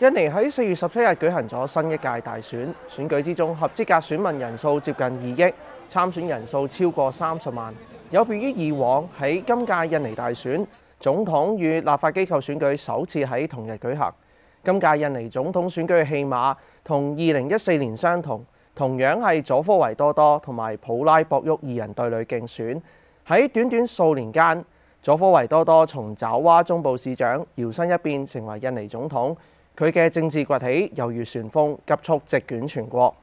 印尼喺四月十七日舉行咗新一屆大選，選舉之中，合資格選民人數接近二億，參選人數超過三十萬。有別於以往喺今屆印尼大選，總統與立法機構選舉首次喺同日舉行。今屆印尼總統選舉嘅戲碼同二零一四年相同，同樣係佐科維多多同埋普拉博沃二人對壘競選。喺短短數年間，佐科維多多從爪哇中部市長搖身一變成為印尼總統。佢嘅政治崛起猶如旋風，急速席捲全國。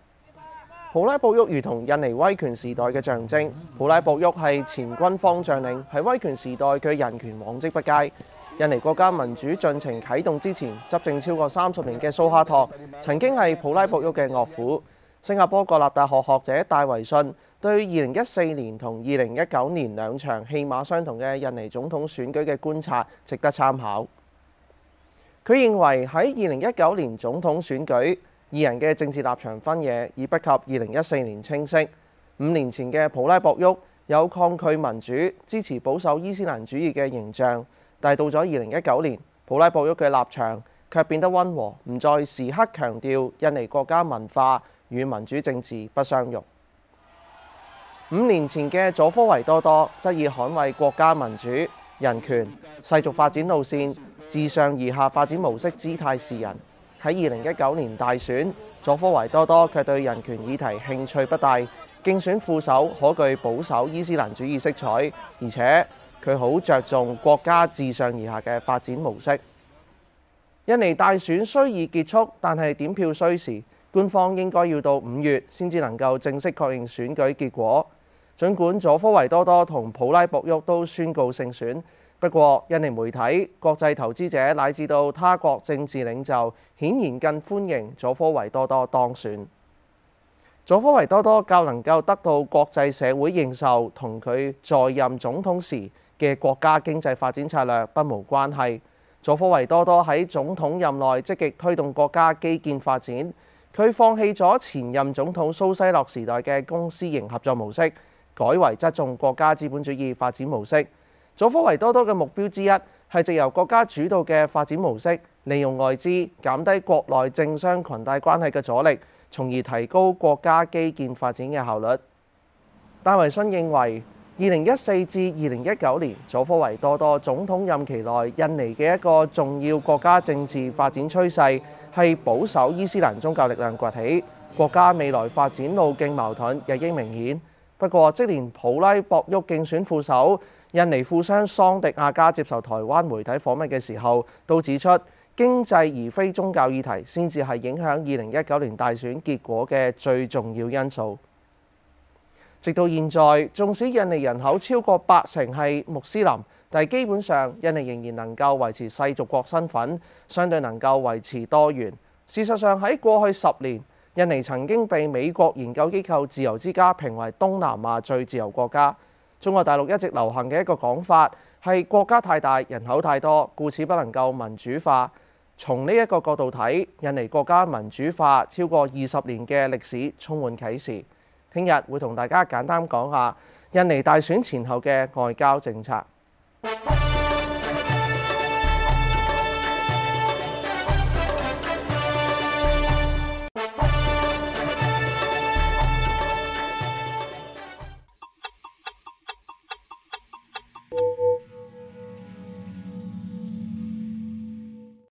普拉博沃如同印尼威權時代嘅象徵，普拉博沃係前軍方將領，喺威權時代佢人權往績不佳。印尼國家民主進程啟動之前執政超過三十年嘅蘇哈托曾經係普拉博沃嘅岳父。新加坡國立大學學者戴維信對二零一四年同二零一九年兩場戲碼相同嘅印尼總統選舉嘅觀察，值得參考。佢認為喺二零一九年總統選舉，二人嘅政治立場分野已不及二零一四年清晰。五年前嘅普拉博沃有抗拒民主、支持保守伊斯蘭主義嘅形象，但到咗二零一九年，普拉博沃嘅立場卻變得溫和，唔再時刻強調印尼國家文化與民主政治不相容。五年前嘅佐科維多多則以捍衛國家民主、人權、世俗發展路線、自上而下發展模式，姿態示人。喺二零一九年大選，佐科維多多卻對人權議題興趣不大。競選副手可具保守伊斯蘭主義色彩，而且佢好着重國家自上而下嘅發展模式。印尼大選雖已結束，但係點票需時，官方應該要到五月先至能夠正式確認選舉結果。儘管佐科維多多同普拉博沃都宣告勝選，不過印尼媒體、國際投資者乃至到他國政治領袖，顯然更歡迎佐科維多多當選。佐科維多多較能夠得到國際社會認受，同佢在任總統時嘅國家經濟發展策略不無關係。佐科維多多喺總統任內積極推動國家基建發展，佢放棄咗前任總統蘇西洛時代嘅公私營合作模式。改為側重國家資本主義發展模式。佐科維多多嘅目標之一係藉由國家主導嘅發展模式，利用外資減低國內政商裙帶關係嘅阻力，從而提高國家基建發展嘅效率。戴維新認為，二零一四至二零一九年佐科維多多總統任期內，印尼嘅一個重要國家政治發展趨勢係保守伊斯蘭宗教力量崛起，國家未來發展路徑矛盾日益明顯。不過，即連普拉博沃競選副手，印尼富商桑迪亞加接受台灣媒體訪問嘅時候，都指出經濟而非宗教議題先至係影響二零一九年大選結果嘅最重要因素。直到現在，縱使印尼人口超過八成係穆斯林，但係基本上印尼仍然能夠維持世俗國身份，相對能夠維持多元。事實上，喺過去十年，印尼曾經被美國研究機構自由之家評為東南亞最自由國家。中國大陸一直流行嘅一個講法係國家太大、人口太多，故此不能夠民主化。從呢一個角度睇，印尼國家民主化超過二十年嘅歷史充滿啟示。聽日會同大家簡單講下印尼大選前後嘅外交政策。